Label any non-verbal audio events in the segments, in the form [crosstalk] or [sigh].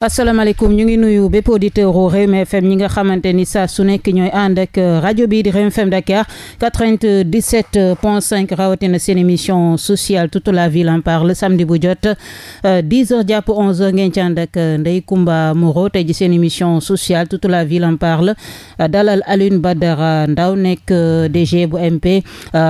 asalaamaaleykum ñu ngi nuyu bépp auditeur u Rewmi FM ñi nga xamante ni sa su nekk ñooy ànd ak euh, rajo bii di Rewmi FM Dakar 97 point 5 rawatina seen émission sociale toute la ville en parle samedi bu jot 10 euh, heures jàpp 11 heures ngeen ci ànd ak euh, Ndeye Comba Moreau tey ji seen émission sociale toute la ville en parle dalal Alioune Badara Ndao nekk DG bu MP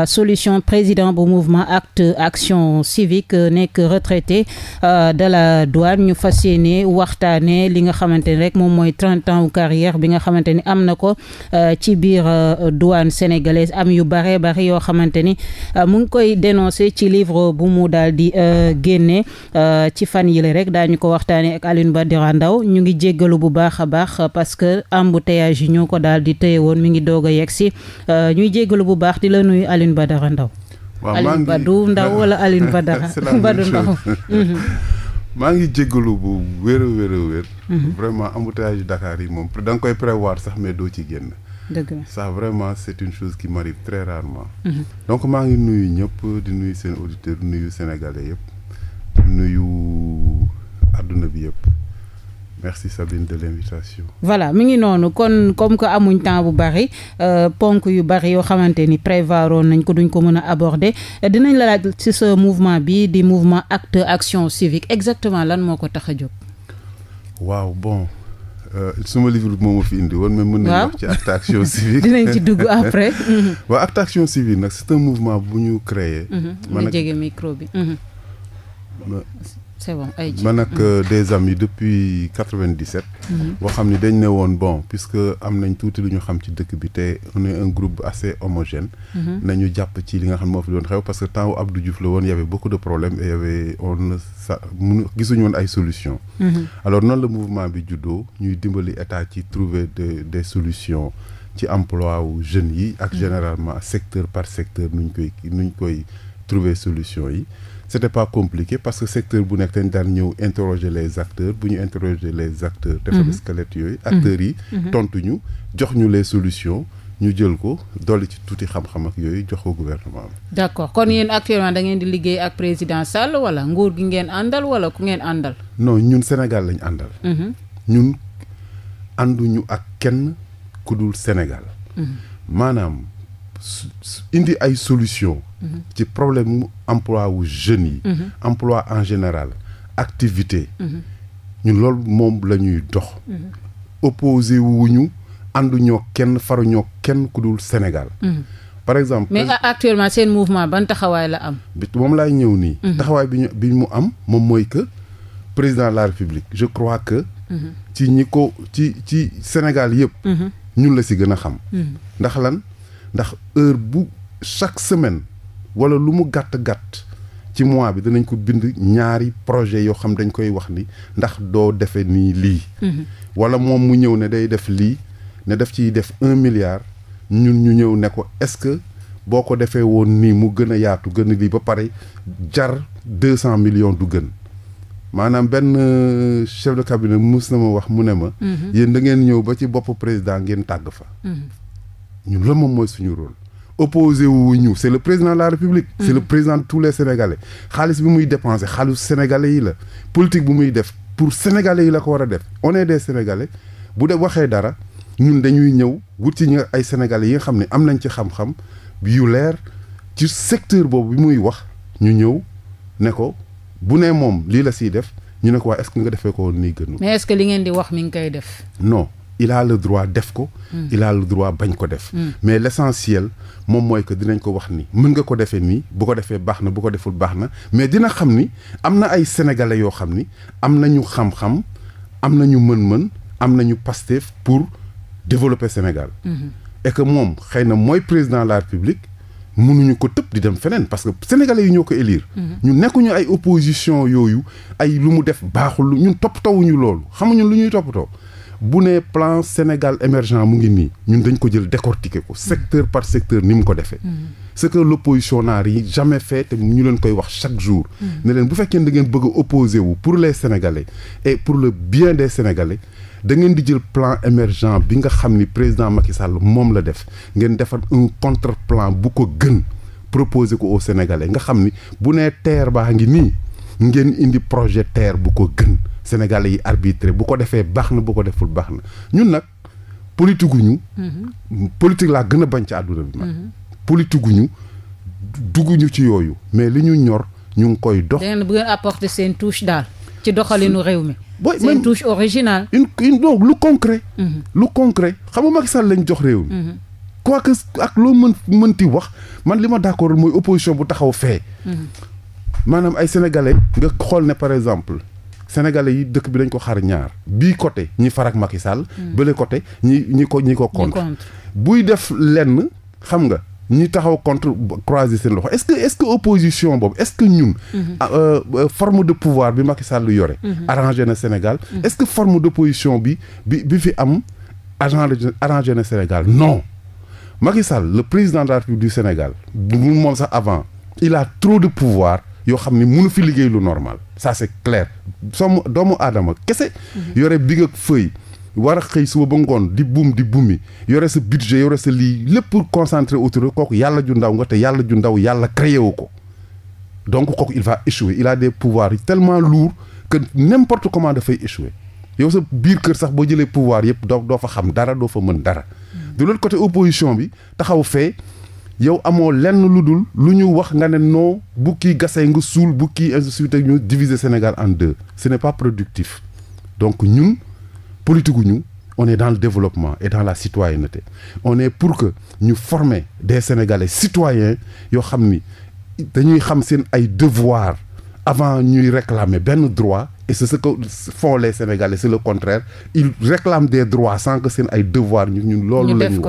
solution président bu mouvement acte action civique nekk retraité de la douane ñu fas yéene wax waxtaanee li nga xamante ni rek moom mooy trente ans carrière bi nga xamante am na ko euh, ci biir euh, duwaan sénégalaise am yu bare bare yoo xamante ni euh, mu ngi koy dénoncé ci livre bu mu daal di génne ci fan yile rek daañu ko waxtaanee ak Alioune Badara ndaw ñu ngi jéggalu bu baax a baax parce que embouteillage yi ñoo ko daal di téye woon mi ngi doog a yegg si ñuy jéggalu bu baax di la nuyu Alioune Badara Ndao waaw [laughs] [laughs] [laughs] maa ngi jéggalu bu wér a wér a mhm. vraiment embouteillage yu Dakar yi moom danga koy prévoir sax mais doo ci génn. dëgg ça vraiment c' est une chose qui m'arrive très rarement. Mhm. donc maa ngi nuyu ñëpp di nuyu seen auditeurs nuyu sénégalais yëpp nuyu àdduna bi yëpp. merci Sabine voilà mi ngi noonu kon comme que amuñ temps bu bari euh, ponk yu bari yoo xamante ni prévoiroon nañ ko duñ ko mën a aborder dinañ la laaj ci sa mouvement bi di mouvement acte action civique exactement lan moo ko tax a jóg. waaw bon euh, suma livre bi moo ma fi indi woon. mais mën nañu wax ci [laughs] dinañ ci dugg après. [laughs] waaw acte action civique nag c'est un mouvement bu ñu créé. Mhm. man jege bi. Mhm. c'est bon des ji man ak euh, mm. des amis depuis 97. Mm-hmm. boo xam ni dañ ne woon bon puisque am nañ tuuti lu ñu xam ci dëkk bi te on est un groupe assez homogène. Mm-hmm. nañu jàpp ci li nga xam ne moo fi doon xew parce que temps wu Abdou Diouf la woon y avait beaucoup de problèmes et on sa mun gisuñu woon ay solution mm-hmm. alors noonu la mouvement bi juddoo ñuy dimbali état ci trouver de des solutions. ci emploi wu jeunes yi ak généralement secteur par secteur nuñ koy nuñ koy trouver solutions yi c'était pas compliqué parce que secteur bu nekk dañ daan ñëw interroger les acteurs bu ñu interroger les acteurs defar mhm. squelette yooyu acteurs yi mhm. Mhm. tontu ñu jox ñu les solutions ñu jël ko dolli ci tuuti xam-xam ak yooyu jox ko gouvernement bi d'accord kon yéen actuellement da ngeen di liggéey ak président Sall wala nguur gi ngeen àndal wala ku ngeen àndal non ñun Sénégal lañ àndal ñun ànduñu ak kenn ku dul Sénégal maanaam indi ay solution ci problème mu emploi wu jeunes yi mhm. emploi en général activité mhm. ñu loolu moom la ñuy dox mhm. opposé wuñu ànduñoo kenn faruñoo kenn ku dul Sénégal par exemple mais euh, actuellement seen mouvement ban taxawaay la am moom laay ñëw nii taxawaay bi ñu bi mu am moom mooy que président la République je crois que ci ñi ko ci ci Sénégal yëpp ñun la si gën a xam ndax lan ndax heure bu chaque semaine wala lu mu gàtt-gàtt ci mois bi danañ ko bind ñaari projet yoo xam dañ koy wax ni ndax doo defe nii lii mhm. wala moom mu ñëw ne day def lii ne def ciy def un milliard ñun ñu ñëw ne ko est-ce que boo ko defee woon nii mu gën a yaatu gën a lii ba pare jar deux cent millions du gën maanaam benn euh, chef de cabinet mus na ma wax mu ne ma. Mm -hmm. yéen da ngeen ñëw ba ci bopp président ngeen tàgg fa. Mhm. ñun la moom mooy suñu rôle opposé wu ñu c'est le président de la république c'est le mm. président de tous les sénégalais xaalis bi muy dépensé xaalis sénégalais yi la politique bu muy def pour sénégalais yi la ko war a def on est des sénégalais bu def waxee dara ñun dañuy ñëw wut ci ñu ay sénégalais yi nga xam ne am nañ ci xam-xam yu leer ci secteur boobu bi muy wax ñu ñëw ne ko bu ne moom lii la siy def ñu ne ko waa est nga defee ko nii gënu mais est-ce que li ngeen di wax mi ngi koy def non il a droit def ko. Hmm. il a le droit bañ ko def. Hmm. mais l' essentiel moom mooy que dinañ ko wax ni mën nga ko defee nii bu ko defee baax na bu ko deful baax na mais dina xam ni am na ay sénégalais yoo xam ni am nañu xam-xam am na ñu mën-mën am nañu Pastef pour développer Sénégal. Hmm. et que moom xëy na mooy président de la République. mënuñu ko tëb di dem feneen parce que sénégalais yi ñoo ko élire. ñu nekkuñu ay opposition yooyu ay lu mu def baaxul ñun toppatawuñu loolu xamuñu lu ñuy toppatoo. bu ne plan Sénégal émergent mu ngi nii ñun dañ ko jël décortiquer ko secteur par secteur ni mu ko defee mm-hmm. ce que l'opposition n'a jamais fait te ñu leen koy wax chaque jour mm-hmm. ne bu fekkee da ngeen bëgg a opposer wu pour le Sénégalais et pour le bien des Sénégalais da ngeen di jël plan émergent bi nga xam ni président Macky Sall moom la def ngeen defar un contre plan bu ko gën proposer ko o Sénégalais nga xam ni bu nee terre baa ngi nii ngeen indi projet terre bu ko gën sénégalais yi arbitré bu ko defee baax na bu ko deful baax na ñun nag politique guñu mhm. politique laa gën a bañ ci àdduna bi man mhm. politique guñu dugguñu ci yooyu mais li ñu ñor ñu ngi koy dox da ngeen bëgg a apporter seen touche daal ci doxalinu réew mi seen touche originale une une donc lu concret mhm. lu concret xam nga Macky Sall lañ jox réew mi ak loo mën mënti wax man li ma d'accord mooy opposition bu taxaw fee maanaam ay sénégalais nga xool ne par exemple sénégalais yi dëkk bi dañ ko xar ñaar bii côté ñi farak Macky Sall hmm. bële côté ñi ñi ko ñi ko contre buy def lenn xam nga ñi taxaw contre croiser seen loxo est-ce que est-ce que opposition boobu est-ce que ñun hmm. ah, euh, euh, forme de pouvoir bi Macky Sall yore hmm. arrangé na Sénégal est-ce que forme d'opposition bi bi bi fi am arrangé arrangé na Sénégal non Macky Sall le président de République du Sénégal bu moom sax avant il a trop de pouvoir yoo xam ni mënu fi liggéey lu normal ça c'est clair som doomu aadama kese mhm. yore bi ak feuille war a xëy suba ba ngoon di buum di bumi yore sa budget yore sa lii lépp pour concentrer autour kooku yàlla ju ndaw nga te yàlla ju ndaw yàlla créé wu ko donc kooku il va échouer il a des pouvoirs tellement lourds que n'importe comment dafay échouer yow sa biir kër sax boo jëlee pouvoir yëpp doo doo fa xam dara doo fa mën dara mhm. de l'autre côté opposition bi taxaw fee yow amoo lenn lu dul lu ñu wax nga ne non bu kii gasay nga suul bu kii institut ñu diviser Sénégal en deux ce n'est pas productif donc ñun politique ñu on est dans le développement et dans la citoyenneté on est pour que ñu former des Sénégalais citoyens yoo xam ni dañuy xam seen ay devoir avant ñuy réclamer benn droit et c'est ce que font les Sénégalais le contraire ils réclament des droits sans que seen ay devoir ñu ñun loolu la ñu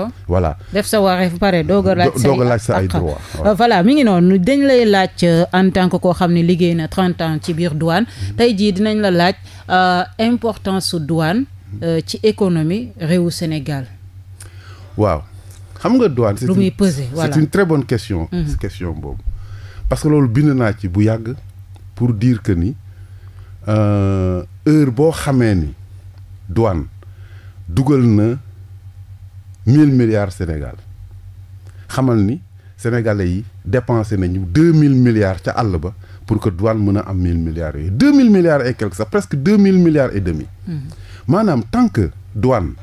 def sa wareef pare doog a laaj sa ay droit euh, voilà mi ngi noonu dañ lay laaj euh, en tant que koo xam ni liggéey na trente ans ci biir douane mm-hmm. tey jii dinañ la laaj euh, importance su douane ci économie réewu Sénégal waaw xam nga douane c'est une, voilà. une très bonne mm-hmm. parce que loolu bind naa ci bu yàgg pour dire que ni Euh, heure boo xamee ni douane dugal na mille milliards Sénégal xamal ni sénégalais yi dépensé nañu deux mille milliards ca àll ba pour que douane mën a am mille milliards yooyu deux mille milliards et quelque sax presque deux mille milliards et demi. Mhm. maanaam tant que douane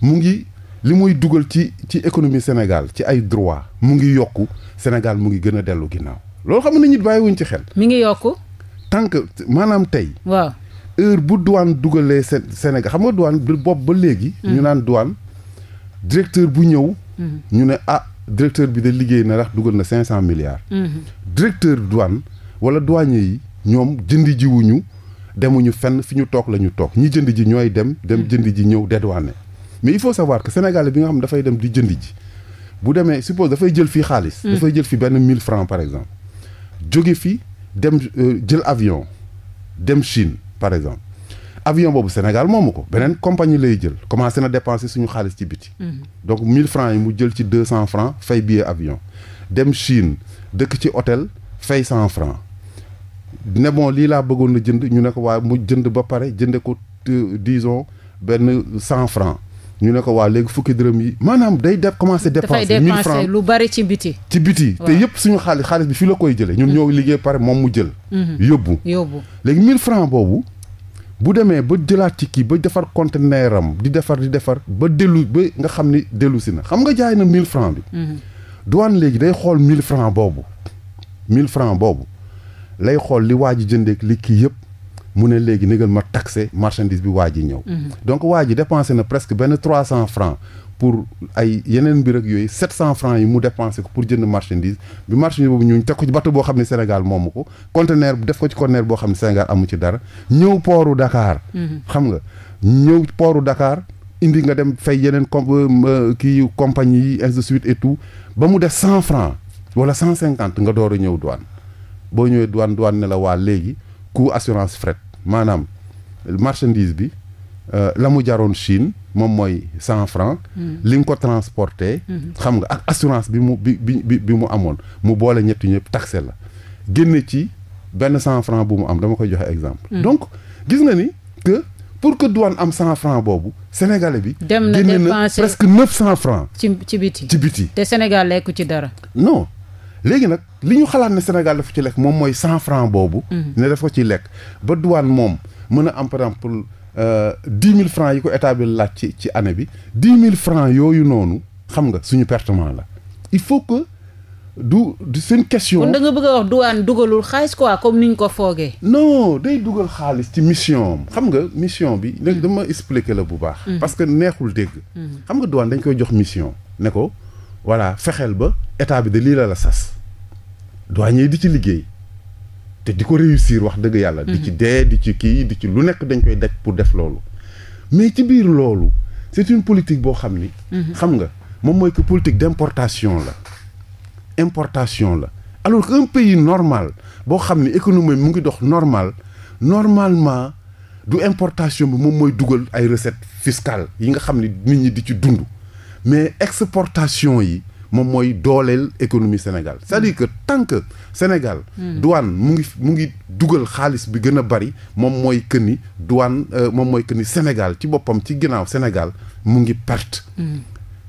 mu ngi li muy dugal ci ci économie Sénégal ci ay droit mu ngi yokk Sénégal mu ngi gën a dellu ginnaaw loolu xam na nit bàyyiwuñ ci xel. mi ngi yokku. tant que maanaam tey. waaw heure bu douane dugalee Sénégal xam nga douane bopp ba léegi. Mm. ñu naan douane directeur bu ñëw. Mm. ñu ne ah directeur bi de liggéey na ndax dugal na cinq cent milliards. Mm-hmm. directeur douane wala douanier yi ñoom jëndi jiwuñu demuñu fenn fi ñu toog la ñu toog ñi jënd ji ñooy dem dem mm. jënd ji ñëw dédouané mais il faut savoir que Sénégalais bi nga xam dafay dem di jënd ji bu demee suppose dafay jël fii xaalis. dafay jël fi benn mille francs par exemple jóge fi dem euh, jël avion dem Chine par exemple avion boobu Sénégal moomu ko beneen compagnie lay jël commencé na dépenser suñu xaalis ci biti. Mhm. donc 1000 francs yi mu jël ci 200 francs fay billet avion dem Chine dëkk ci hôtel fay 100 francs ne bon lii laa bëggoon na jënd ñu ne ko waaye mu jënd ba pare jënde ko euh, disons benn 100 francs ñu ne ko waa léegi fukki dërëm yi maanaam day def commencé dépenser mille lu bari ci biti ci biti te yëpp suñu xaalis xaalis bi fii la koy jëlee ñun mm-hmm. ñoo liggéey pare moom mu jël mm-hmm. yóbbu yóbbu léegi mille francs boobu bu demee ba jëlaat ci kii ba defar conteneur am di defar di defar ba dellu ba nga xam ni dellu si na xam nga jaay na mille francs bi mm-hmm. douane léegi day xool mille francs boobu mille francs boobu lay xool li waa ji jëndeek li kii yëpp mu ne léegi nëgal ma taxé marchandise bi waa ji ñëw. Mhm. donc waa ji dépensé na presque benn trois cent francs pour ay yeneen mbir ak yooyu sept cent francs yi mu dépensé ko pour jënd marchandise bi marchandise boobu ñu teg ko ci bateau boo xam ne Sénégal moomu ko conteneur def ko ci conteneur boo xam ne Sénégal amu ci dara ñëw pooru Dakar. Mhm. xam nga ñëw pooru dakaar indi nga dem fay yeneen com euh, euh, kii compagnie yi ainsi tout ba mu def cent francs wala cent cinquante nga door a ñëw douane boo ñëwee douane douane ne la waa léegi coût assurance fret maanaam marchandise bi euh, la mu jaroon Chine moom mooy cent franc. Hmm. li nga ko transporté. Hmm. xam nga ak assurance bi mu bi bi bi mu amoon mu boole ñetti ñëpp taxé la génne ci benn cent franc bu mu am dama koy joxe exemple. Hmm. donc gis nga ni que pour que douane am cent franc boobu sénégalais bi. dem na dépensé génne na presque neuf cent franc. ci ci biti ci biti. te Sénégal lekku ci dara. non. léegi nag li ñu xalaat ne Sénégal dafa ci lekk moom mooy cent franc boobu. Mhm. ne dafa ci lekk ba duwaan moom mën a am par exemple euh, mille franc yi ko état bi laaj ci ci année bi dix mille franc yooyu noonu xam nga suñu pertement la il faut que. du du seen question. kon da nga bëgg a wax douane dugalul xaalis ko quoi comme ni ñu ko foogee. non day dugal xaalis ci mission xam nga mission bi nag dama expliquer la bu baax. Mhm. parce que neexul dégg. Mhm. xam nga douane dañ koy jox mission ne ko. voilà fexeel ba état bi de lii la la sas douanier di ci liggéey te di ko réussir wax dëgg yàlla di ci mhm. dee di ci kii di ci lu nekk dañ koy daj pour def loolu mais ci biir loolu c'est une politique boo xam ni mhm. xam nga moom mooy que politique d'importation la importation la alors qu'un pays normal boo xam ni économie mu ngi dox normal normalement du importation bi moom mooy dugal ay recettes fiscales yi nga xam ni nit ñi di ci dund mais exportation yi moom mooy dooleel économie Sénégal cest dire que tant que Sénégal hmm. douane mu ngi mu ngi dugal xaalis bi gën a bari moom mooy que ni douane euh, moom mooy que ni Sénégal ci boppam ci ginnaaw Sénégal mu ngi perte hmm.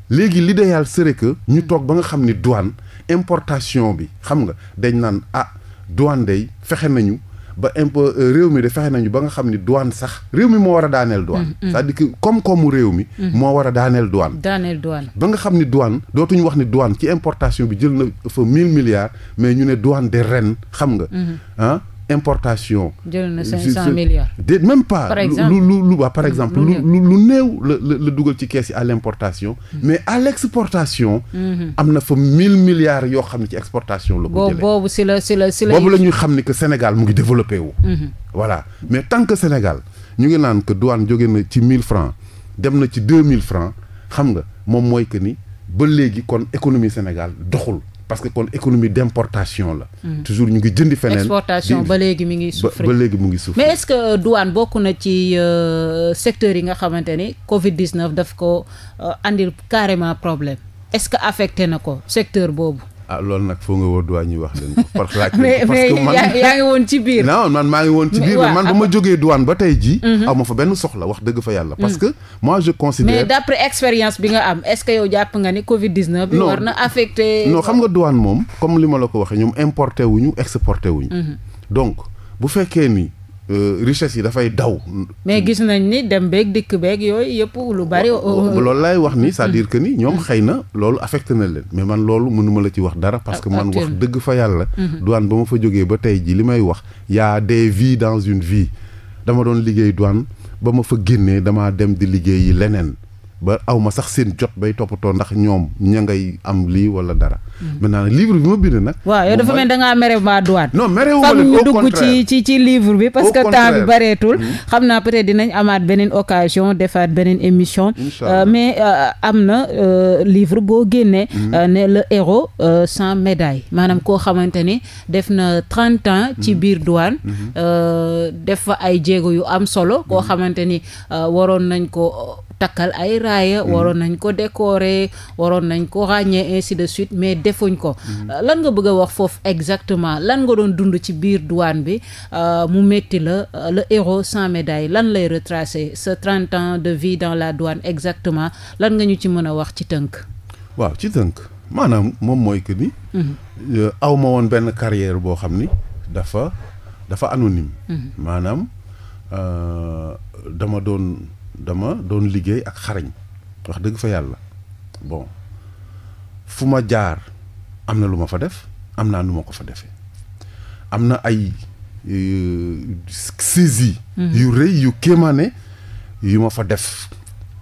léegi l'idéal serait que ñu toog ba nga xam ni douane importation bi xam nga dañ naan ah douane day fexe nañu ba impôt euh, réew mi de fexe nañu ba nga xam ni douane sax réew mi moo war a daaneel douane. Mm-hmm. c'est-à-dire koom-koomu réew mi. Mm-hmm. moo war a daaneel douane. daaneel douane ba nga xam ni douane dootuñu wax ni douane ci importation bi jël na fa mille milliards mais ñu ne douane de ren xam nga. Mm-hmm. Ah? importation. jël na 500 euh, milliards. déet même pas. par lu lu lu par exemple. lu lu lu néew la la dugal ci kees yi à l' importation. Mm-hmm. mais à l' exportation. Mm-hmm. am na fa mille milliards yoo xam ne ci exportation la. ko jëlee boobu si la ñuy xam ni que Sénégal mu ngi développé wu. Mm-hmm. voilà mais tant que Sénégal ñu ngi naan que douane jóge na ci mille francs dem na ci mille francs xam nga moom mooy que ni ba léegi kon économie Sénégal doxul. parce que kon économie d' importation la. Hmm. toujours ñu ngi jëndi feneen. exportation ba léegi mi ngi souffrir ba léegi mu ngi souffrir. mais est ce que euh, douane bokk na ci euh, secteur yi nga xamante ni Covid 19 daf ko euh, andil carrément problème est ce que affecté na ko secteur boobu. ah loolu nag foo nga woo douane ñu wax [laughs] leen ko. parce que mais yaa ngi woon ci biir. non man maa ngi woon ci biir man ba ma jógee duwaan ba tey jii mhm. aw ma fa benn soxla wax dëgg fa yàlla. Mhm. parce que mois je considère. mais d' expérience bi nga am est ce que yow jàpp nga ni Covid 19. bi war na affecté. non xam nga douane moom comme li ma la ko waxee ñoom wu importé exporte exporté wuñu. Mhm. donc bu fekkee ni. Euh, richesse yi dafay daw. mais gis nañ ni dem beeg dikk beeg yooyu yëpp lu bari. loolu laay wax ni cest à que ni ñoom xëy na loolu affecté na leen mais man loolu mënuma la ci wax dara. parce que man wax dëgg fa yàlla. Mhm. douane ba ma fa jógee ba tey ji li may wax y a des vies dans une vie dama doon liggéey douane ba ma fa génnee damaa dem di liggéeyi leneen. ba aw ma sax seen jot bay toppatoo ndax ñoom ña ngay am lii wala dara. Mm-hmm. livre bi ma bind nag. waaw yow dafa mel da ngaa mere ma duwaat. non wu dugg ci ci livre bi. parce que temps bi bareetul. Mm-hmm. xam naa peut-être dinañ amaat beneen occasion defaat beneen émission. Euh, mais euh, am na euh, livre boo génnee. Mm-hmm. ne le héros sans médaille maanaam koo xamante ni def na trente ans. ci biir douane. def fa ay jéego yu am solo. koo xamante ni waroon nañ ko. takkal ay raaya mm. waroon nañ ko décorer waroon nañ ko ràññee ainsi de suite mais defuñ ko mm. euh, lan nga bëgg a wax foofu exactement lan nga doon dund ci biir duwaan bi euh, mu métti la euh, le héros sans médaille lan lay retracer sa trente ans de vie dans la douane exactement lan nga ñu ci mën a wax ci tënk waaw ci tënk maanaam moom mooy que ni mm-hmm. aw woon benn carrière boo xam ni dafa dafa anonyme mm-hmm. maanaam dama doon dama doon liggéey ak xarañ wax dëgg fa yàlla bon fu ma jaar am na lu ma fa def am naa nu ma ko fa defee am na ay saisi mhm. yu rëy yu kéemaane yu ma fa def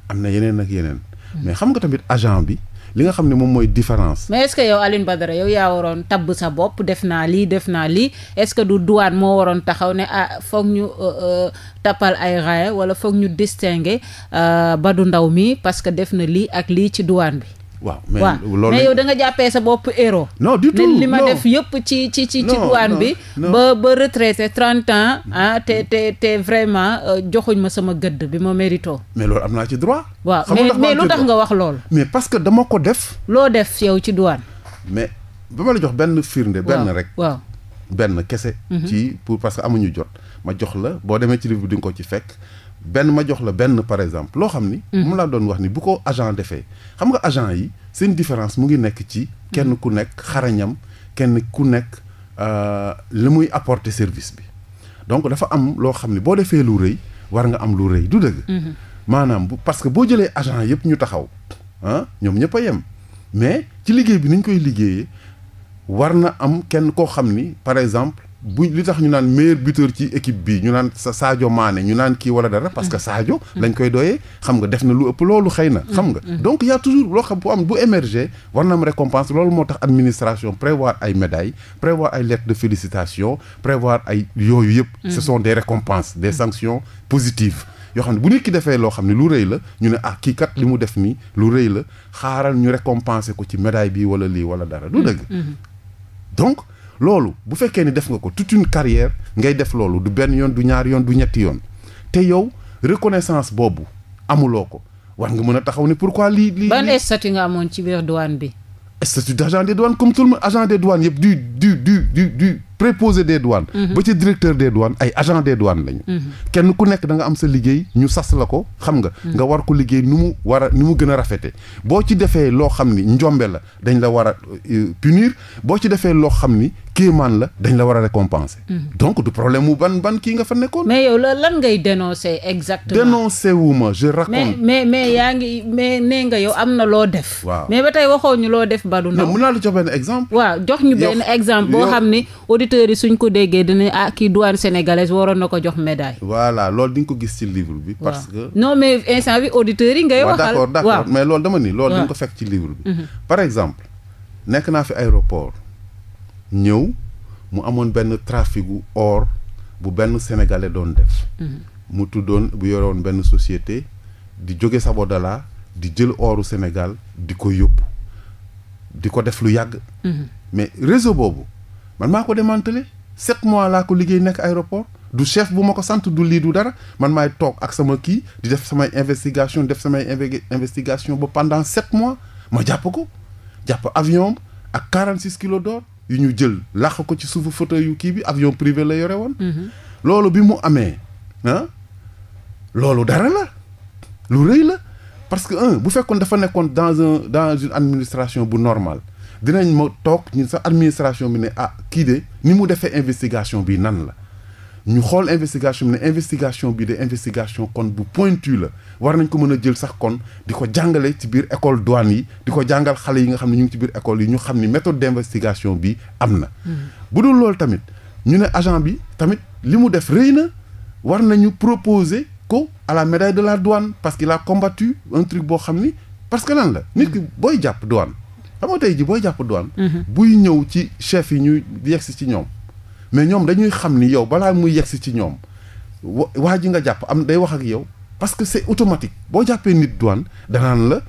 am na yeneen ak yeneen mhm. mais xam nga tamit agent bi li nga xam ne moom mooy différence. mais est-ce que yow Badara yow yaa waroon tabb sa bopp def naa lii def naa lii est-ce que du duwaan moo waroon taxaw ne ah foog ñu euh, euh, tappal ay raaya wala foog ñu distinguer euh, Badou Ndaw mi parce que def na lii ak lii ci duwaan bi. waaw mais loolu mais yow da nga jàppee sa bopp héros. non du tout li ma def yëpp ci ci ci ci douane bi. ba ba retraité 30 ans ah te te te vraiment euh, joxuñ ma sama gëdd bi ma mérito. mais loolu am naa ci droit. waaw mais mais lu tax nga wax loolu. mais parce que dama ko def. loo def yow ci douane. mais ba ma la jox benn firnde. benn rek waaw benn kese. Mhm. ci pour parce que amuñu jot ma jox la boo demee ci livre bi di nga ko ci fekk. benn ma jox la benn par exemple loo xam ni. Mhm. moom laa doon wax ni bu ko agent defee xam nga agent yi seen différence mu ngi nekk ci kenn ku nekk xarañam kenn ku nekk euh, li muy apporter service bi donc dafa am loo xam ni boo defee lu rëy war nga am lu rëy du dëgg. Mhm. maanaam bu parce que boo jëlee agent yëpp ñu taxaw ah ñoom ñëpp a yem mais ci liggéey bi ni ñu koy liggéeyee war na am kenn koo xam ni par exemple. bu li tax ñu naan meilleur buteur ci équipe bi ñu naan sa Sadio Mané ñu naan kii wala dara parce que Sadio lañ koy doyee xam nga def na lu ëpp loolu xëy na xam nga donc y a toujours loo xam bu am bu émerger war na am récompense loolu moo tax administration prévoir ay médailles prévoir ay lettres de félicitation prévoir ay yooyu yëpp sa son des récompenses des sanctions positives yoo xam ne bu nit ki defee loo xam ne lu rëy la ñu ne ah kii kat li mu def nii lu rëy la xaaral ñu récompenser ko ci médaille bi wala lii wala dara du loolu bu fekkee ni def nga ko toute une carrière ngay def loolu du benn yoon du ñaar yoon du ñetti yoon te yow reconnaissance boobu amuloo ko war nga mën a taxaw ni pourquoi lii lii. ban statut nga amoon ci biir douane bi. statut d' agent des douanes comme tout le monde agent des douanes yëpp du du du du du. préposé des douanes. Mhm. ba ci directeur des douanes ay agent des douanes lañu. Mhm. kenn ku nekk da nga am sa liggéey ñu sas la ko xam nga. Mhm. nga war ko liggéey ni mu war a ni mu gën rafete boo ci defee loo xam ni njombe la dañ la war a euh, punir boo ci defee loo xam ni kéemaan la dañ la war a récompenser. donc du problème mu ban ban ki nga fa nekkoon. mais yow lan ngay dénoncer exactement. dénoncer wu ma je raconte. mais mais mais yaa ngi mais nee nga yow am na loo def. waaw mais ba tey waxoo ñu loo def Badou Ndao. non mën naa la jox benn exemple. waaw jox auditeurs suñ ko déggee dinañ ah kii douane sénégalaise waroon na ko jox médaille. voilà loolu di nga ko gis ci livre bi. parce que non mais instant bi auditeurs yi. ngay waxal waaw d' accord d' dama ni. loolu di ko fekk ci livre mhm. par exemple nekk naa fi aéroport ñëw mu amoon benn trafic gu or benn sénégalais doon def. Mhm. mu tuddoon bu yoroon benn société di jóge Sabodala di jël oru Sénégal di ko yóbbu di ko def lu yàgg. Mhm. mais réseau boobu man maa ko démantelé sept mois laa ko liggéey nekk aéroport du chef bu ma ko sant du lii du dara man maay toog ak sama kii di def samay investigation def samay investigation ba pendant sept mois ma jàpp ko jàpp avion ak 46 kilos d'or yu ñu jël làq ko ci suuf photo yu kii bi avion privé la yore woon mhm. loolu bi mu amee ah, loolu dara la lu rëy la parce que un bu fekkoon dafa nekkoon dans un dans une administration bu normal dinañ ma toog ñun sax administration bi ne ah kii de ni mu defee investigation bi nan la ñu xool investigation bi ne investigation bi de investigation kon bu pointu la war nañ ko mën a jël sax kon di ko jàngale ci biir école douane yi di ko jàngal xale yi nga xam ne ñu ngi ci biir école yi ñu xam ni méthode d'investigation bi am na. Hmm. bu dul loolu tamit ñu ne agent bi tamit li mu def rëy na war nañu proposer ko à la médaille de la douane parce qu'il a combattu un boo xam ni parce que lan la. nit ki booy jàpp douane. xam nga tey ji booy jàpp douane. Mhm. buy ñëw ci chef yi ñuy yegsi ci ñoom. mais ñoom dañuy xam ni yow balaa muy yegsi ci ñoom wa waa ji nga jàpp am day wax ak yow parce que c'est automatique boo jàppee nit douane danaan la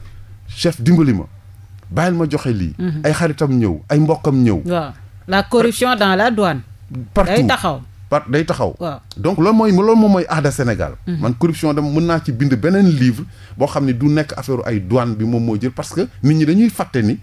chef dimbali ma bàyyil ma joxe lii. Mhm. ay xaritam ñëw ay mbokkam ñëw. waaw la corruption dans la douane. partout day taxaw. par day taxaw. waaw donc loolu mooy loolu moom mooy aada Sénégal. Mhm. man corruption dama mën naa ci bind beneen livre boo xam ne du nekk affaire ay douane bi moom moo jël parce que nit ñi dañuy fàtte ni.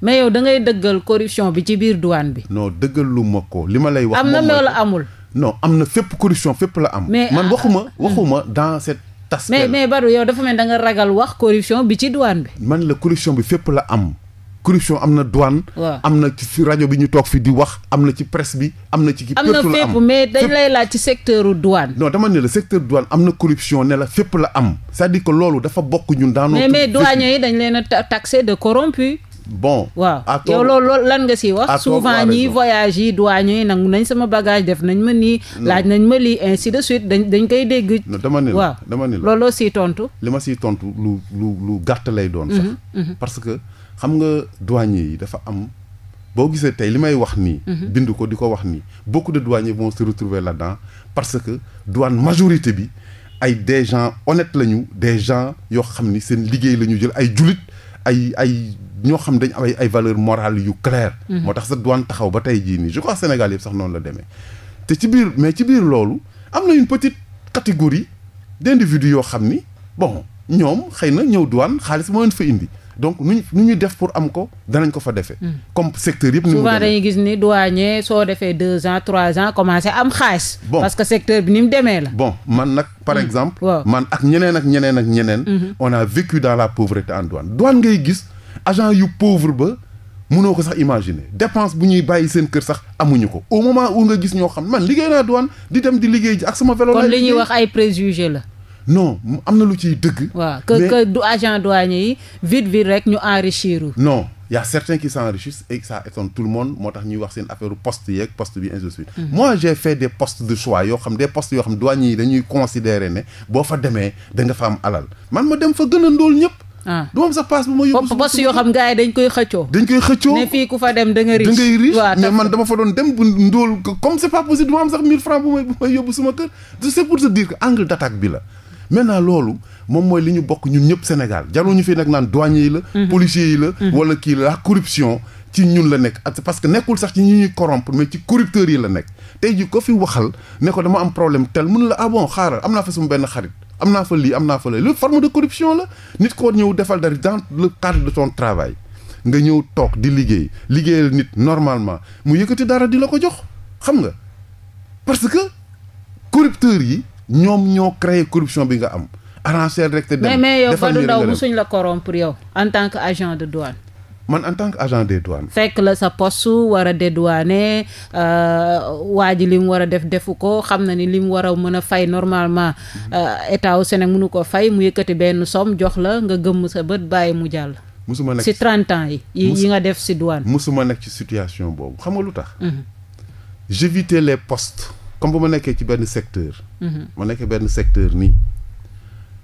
mais yow da dëggal corruption bi ci biir douane bi. non dëggalu ma ko li ma lay. wax am na la amul. non am na fépp corruption fépp la am. mais man ah, waxuma ah. waxuma dans cette. tas mais mais Badou yow dafa mel da nga wax corruption bi ci douane bi. man la corruption bi fépp la am. corruption am na douane. am na ci rajo bi ñu toog fi di wax am na ci presse bi am na ci. fépp am mais dañ lay laaj ci secteur douane. non dama ne la secteur douane am na corruption ne la fépp la am. sa à dire loolu dafa bokk ñun. daanoo mais mais douaniers yi dañ leen a taxé de corrompu. bon. waaw yow loolu lan nga si wax. souvent ñiy voyage yi douane yi nangu nañ sama bagage def nañ ma nii. laaj nañ ma lii ainsi de suite dañ dañ koy dégg. dama ni la dama ni la waaw looloo siy tontu. li ma siy tontu lu lu lu gàtt lay doon. sax mhm, mhm. parce que xam nga douanier yi dafa am. boo gisee tey li may wax nii. Mhm. bind ko di ko wax nii beaucoup de douaniers vont se retrouver là-dedans parce que douane majorité bi ay des gens honnêtes lañu des gens yoo xam ni seen liggéey lañu jël ay julit ay ay. ñoo xam dañu am ay ay valeurs morales yu claires. Mhm. moo tax sa douane taxaw ba tey jii nii je crois Sénégal yëpp sax noonu la demee. te ci biir mais ci biir loolu am na une petite catégorie d'individus yoo xam ni bon ñoom xëy na ñëw douane xaalis moo leen fa indi. donc nu ñu ñuy def pour am ko danañ ko fa defee. Mhm. comme secteur yëpp ni mu demee la. bon man nag par mhm. exemple. man ak ñeneen ak ñeneen ak ñeneen. on a vécu la pauvreté en douane douane ngay gis. agent yu pauvre ba mënoo ko sax imaginer dépense bu ñuy bàyyi seen kër sax amuñu ko au moment où nga gis ñoo xam man liggéey naa douane di dem di liggéey ji ak sama vélo. kon li ñuy wax ay préjugé la. non am na lu ciy dëgg. waaw que mais... que du agent douanier yi vite vite rek ñu enrichir. non y' a certains qui s'enrichissent et ça étonne tout le monde moo tax ñuy wax seen affaire poste yeeg poste bi ainsi de suite. Mm-hmm. moi j'ai fait des postes de choix yoo xam des postes yoo xam douanier yi dañuy considérer ne boo fa demee da nga fa am alal man ma dem fa gën a ñëpp. Ah. du am sa paas bu ma yóbbu doon dem bu ndóol comme c'est may yóbbu suma kër c'est pour se ñu bokk ñun ñëpp Sénégal jarul ñu fi nag naan douanier yi la mhm. policier yi la mhm. wala kii la corruption ci ñun la nekk ak parce que nekkul sax ci ñi ñuy corrompre mais ci corrupteurs yi la nekk tey ko fi waxal ne ko dama am problème tel mun la ah bon xaaral am naa fa suma benn xarit am naa fa lii am naa fa lii lu forme de corruption la nit koo ñëw defal dara dans le cadre de son travail nga ñëw toog di liggéey liggéeyal nit normalement mu yëkkati dara di la ko jox xam nga parce que corrupteurs yi ñoom ñoo créé corruption bi nga am arranger rek te dem mais mais yow Fadou Ndao musuñ la corrompre yow en tant que agent de douane man en tant que agent des douanes. fekk la sa poste war a dédouaner euh, waa ji li mu war a def defu ko xam na ni li mu war a mën a fay normalement euh, état wu Sénégal mënu koo fay mu yëkkati benn somme jox la nga gëmm sa bët bàyyi mu jàll. musuma nekk ci trente ans yi. yi nga def si douane. musuma nekk ci situation boobu xam nga lu tax. Mhm. j'évitais les postes. comme bu ma nekkee ci benn secteur. Mhm. ma nekkee benn secteur nii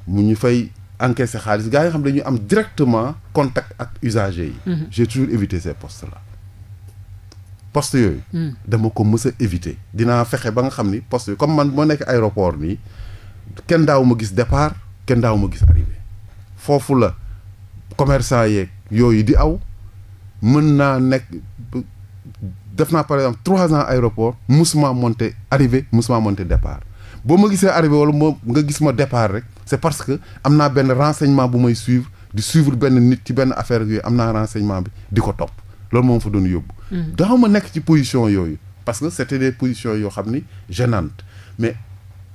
mu ñu fay. encaisser xaalis gars yi xam dañu am directement contact ak usagers yi. Mhm. j'ai toujours évité ces postes là. poste yooyu. Hmm. dama ko mës a éviter. dinaa fexe ba nga xam ni poste yooyu comme man moo nekk aéroport nii kenn daaw ma gis départ kenn daaw ma gis foofu la commerçant yeeg yooyu di aw mën naa nekk def naa par exemple trois ans aéroport musuma monter arriver musuma monter départ boo ma gisee arrivé wala moo nga gis ma départ rek c'est parce que am naa benn renseignement bu may suivre di suivre benn nit ci benn affaire yooyu am naa renseignement bi di ko topp loolu moom fa doon yóbbu mm-hmm. daaw ma nekk ci position yooyu parce que c'était des positions yoo xam ni gênantes mais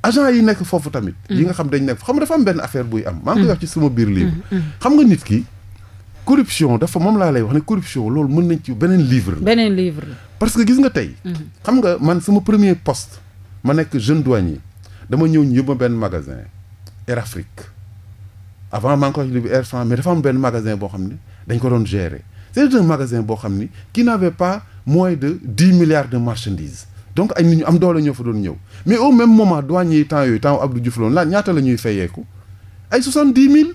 agent yi nekk foofu tamit mm-hmm. yi nga xam dañ nekk xam nga dafa am benn affaire buy am maa ngi koy wax ci sama biir livre mm-hmm. xam nga nit ki corruption dafa moom laa lay wax ne corruption loolu mën nañ ci beneen livre la beneen parce que gis nga tey xam nga man sama premier poste ma nekk jeune douanier dama ñëw ñu yóbbu benn magasin Air Afrique avant maa ngi koy yóbbu Air France mais dafa am benn magasin boo xam ne dañ ko doon gérer c'est un magasin boo xam ni qui n'avait pas moins de dix milliards de marchandises donc ay nit ñu am doole ñoo fa doon ñëw mais au même moment douane yi temps yooyu temps Abdou Diouf loon la ñaata la ñuy fayeeku ay soixante dix mille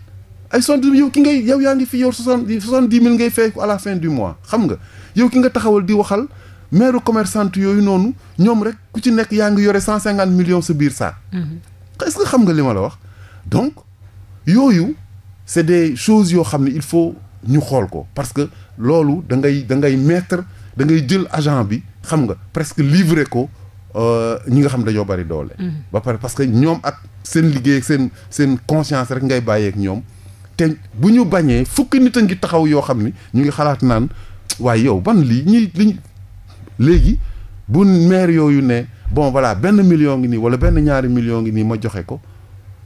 ay soixante ki ngay yow yaa ngi fi yow soixante soixante dix mille ngay fayeeku à la fin du mois xam nga yow ki nga taxawal di waxal. maire commerçante yooyu noonu ñoom rek ku ci nekk yaa ngi yore cent cinquante millions sa biir saak. Mm-hmm. est-ce que xam nga li ma la wax. donc yooyu c'est des choses yoo xam ne il faut ñu xool ko parce que loolu da ngay da ngay mettre da ngay jël agent bi xam nga presque livrer ko euh, ñi nga xam ne dañoo bari doole. Mm-hmm. ba pare parce que ñoom ak seen liggéey ak seen seen conscience rek ngay bàyyeek ñoom te bu ñu bañee fukk nit a ngi taxaw yoo xam ni ñu ngi xalaat naan waaye yow ban lii léegi bu maire yooyu ne bon voilà benn million ngi nii wala benn ñaari million ngi nii ma joxe ko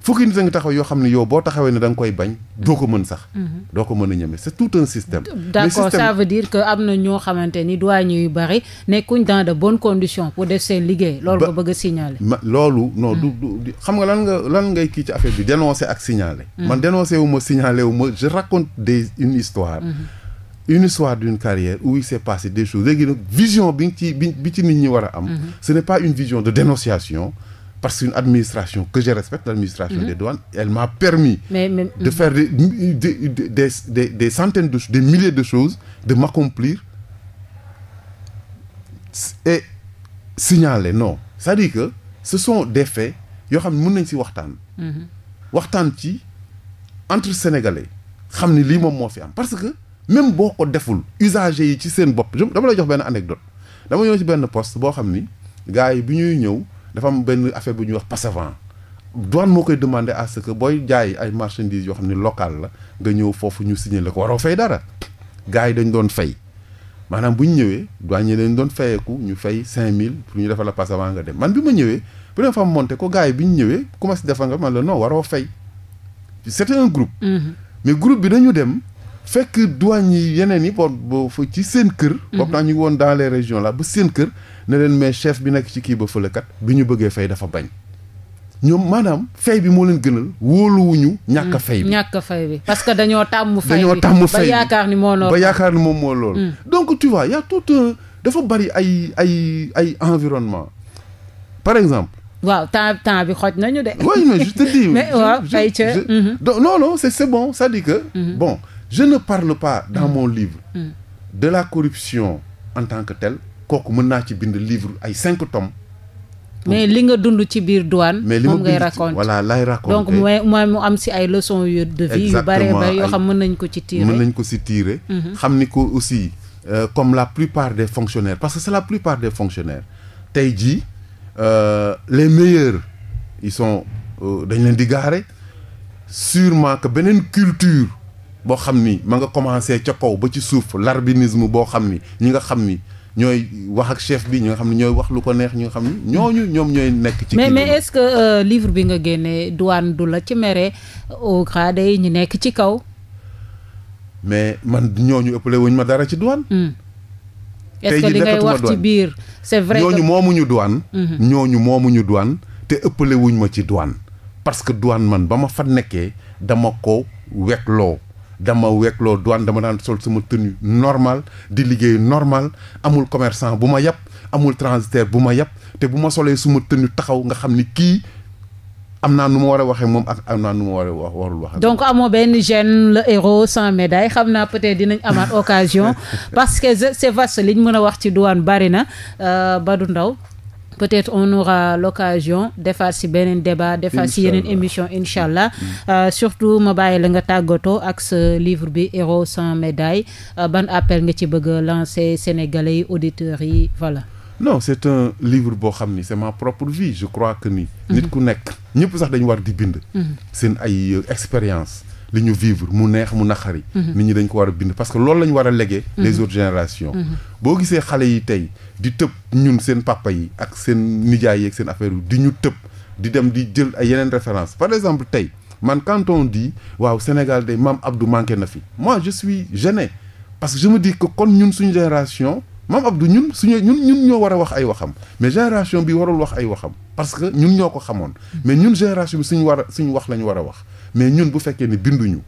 fukki nit a ngi yoo xam ne yow boo taxawee ne danga nga koy bañ doo ko mën sax mm-hmm. doo ko mën a ñeme c'est tout un système d'accord ça veut dire que am na ñoo xamante ni douane yu bari nekkuñ dans de bonnes conditions pour def seen liggéey loolu nga bëgg a signaler loolu non mm. du du xam nga lan nga lan ngay kii ci affaire bi dénoncer ak signaler mm. man dénoncer wu ma wu ma je raconte des une histoire mm -hmm. une histoire d'une carrière où il s'est passé des choses léegi nag vision bi ci bi ci nit ñi war a am mhm. ce n'est pas une vision de dénonciation parce qu'une administration que je respecte l'administration mm -hmm. des douanes elle m'a permis de mhm. faire des des, des des des centaines de des milliers de choses de m'accomplir et signaler non c'est-à-dire que ce sont des faits yoo xam ne mën nañ si waxtaan mhm. waxtaan ci entre sénégalais xam ni lii moom moo fi am parce que même boo ko deful usagers yi ci seen bopp dama lay jox benn anecdote dama ñëw ci benn poste boo xam ni gars yi bi ñuy ñëw dafa am benn affaire bu ñuy wax passavant douane moo koy demandé à ce que booy jaay ay marchandises yoo xam ni local la nga ñëw foofu ñu signé la ko waroo fay dara gars yi dañ doon fay maanaam bu ñu ñëwee douane dañ doon fayeeku ñu fay mille pour ñu defal la passavant nga dem man bi ma ñëwee première fois monté ko gars yi bi ñu ñëwee commencé defal nga man la non waroo fay c'était un groupe. Mm-hmm. mais groupe bi dañu dem. fekk douane yi yeneen yi bon ba fa ci seen kër. Mhm. boobu naa ñu woon dans les régions là ba seen kër ne leen mais chef bi nekk ci kii ba fëlekat bi ñu bëggee fay dafa bañ. ñoom maanaam fay bi moo leen gënal wóoluwuñu ñàkk a fay bi mm, ñàkk a fay parce que dañoo tàmm fay bi dañoo tàmm fay ba yaakaar ni moo loolu yaakaar ni moom moo loolu. Mm. donc tu vois y tout un dafa bari ay ay ay environnement par exemple. waaw temps temps bi xoj nañu de. oui mais je te dis. [laughs] mais waaw fay ca. Mm-hmm. non non c'est c'est bon c'est-à-dire que. Mm-hmm. je ne parle pas dans mm. mon livre mm. de la corruption en tant que telle kooku mën naa ci bind livre ay cinq tomes mais li nga dund ci biir douane mais li ma ngay raconte voilà lay raconte donc mooy mooy mu am si ay leçons yu de vie yu bare bare yoo xam mën nañ ko ci tirer mën nañ ko si tirer mm-hmm. xam ni ko aussi euh, comme la plupart des fonctionnaires parce que c'est la plupart des fonctionnaires tey jii euh, les meilleurs il sont euh, dañ leen di garer sûrement que beneen culture boo xam ni ma nga commencé ca kaw ba ci suuf larbinisme boo xam ni ñi nga xam ni ñooy wax ak chef bi ñi nga xam ne ñooy wax lu ko neex ñi nga xam ne ñooñu ñoom ñooy nekk. ci mais mais est-ce que euh, livre bi nga génnee douane du la ci mere au yi ñu nekk ci kaw. mais man ñooñu ëppale wuñ ma dara ci douane. Hmm. est li ngay wax ci biir c'est vrai ñooñu moomuñu duwaan mhm. ñooñu moomuñu douane te ëppale ma ci douane. parce que duwaan man ba ma fa nekkee dama ko loo dama wekloo douane dama daan sol sama tenue normal di liggéey normal amul commerçant bu ma yàpp amul transitaire bu ma yàpp te bu ma solee suma tenue taxaw nga xam ni kii am naa nu ma war a waxee moom ak am naa nu ma war a wax warul wax. donc amoo benn jeune le héros sans médaille xam naa peut-être dinañ amaat occasion [laughs] parce que c'est vaste liñ mën a wax ci duwaan bari na euh, Badou ndaw peut-être on aura l'occasion defaat si beneen débat defaat si yeneen émission incha allah mm. euh, surtout ma bàyyi la nga tàggatoo ak sa livre bi héros sans médaille euh, ban appel nga ci bëgg a lancer sénégalais yi auditeurs yi voilà non c'est un livre boo xam ni c'est ma propre vie je crois que ni nit mm-hmm. ku nekk ñëpp sax dañu war di bind mm-hmm. seen ay euh, expérience li ñu vivre mu neex mu naqari. Mhm. nit ñi dañ ko war a bind parce que loolu la ñu war a léguer mhm. les autres générations mhm. boo gisee xale yi tey di tëb ñun seen papa yi ak seen nijaay yi ak seen affaire yi di ñu tëb di dem di jël ay yeneen référence par exemple tey man kanton di waaw Sénégal de maam Abdou manqué na fi mois je suis gêné parce que je me di que kon ñun suñu génération maam Abdou ñun suñu ñun ñun ñoo war a wax ay waxam mais génération bi warul wax ay waxam parce que ñun ñoo ko xamoon mais ñun génération bi suñu war a suñu wax la ñu war a wax mais ñun bu fekkee ne binduñu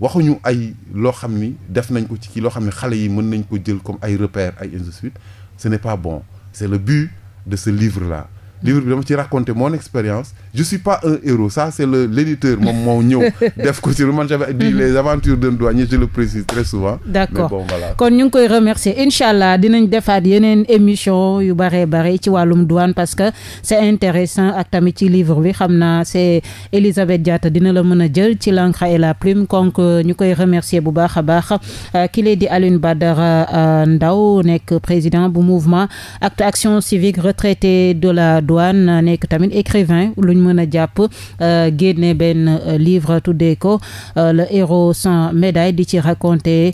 waxuñu ay loo xam ni def nañ ko ci kii loo xam ne xale yi mën nañ ko jël comme ay repères ay ainsi ce n'est pas bon c'est le but de ce livre la livre bi dama ci raconter mon expérience je suis pas un héros c'est le l'éditeur moom moo ñëw [laughs] def ko ci man j'avais dit mhm. les aventures d'un douanier je le précise très souvent d'accord bon voilà kon ñu koy remercier incha allah dinañ defaat yeneen émission yu bare bare ci wàllum douane parce que c'est intéressant ak tamit ci livre bi xam naa c'est Elisabeth Diatta dina la mën a jël ci l'encre et la plume donc euh, ñu koy remercier bu baax a baax euh, kii di Alioune Badara euh, Ndao nekk président bu mouvement acte action civique retraité de la douane euh, nekk tamit écrivain luñ mën a jàpp euh, génne benn euh, livre de ko le héros sans médaille di ci raconter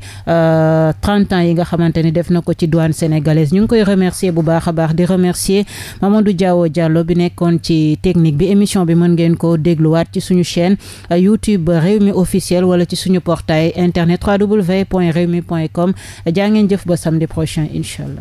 trente ans yi nga xamante ni def na ko ci douane sénégalaise ñu ngi koy remercier bu baax a baax di remercier Mamadou Diawo Diallo bi nekkoon ci technique bi émission bi mën ngeen ko dégluwaat ci suñu chaîne YouTube Rewmi officiel wala ci suñu portail internet www.rewmi.com jaa ngeen jëf ba samedi prochain incha allah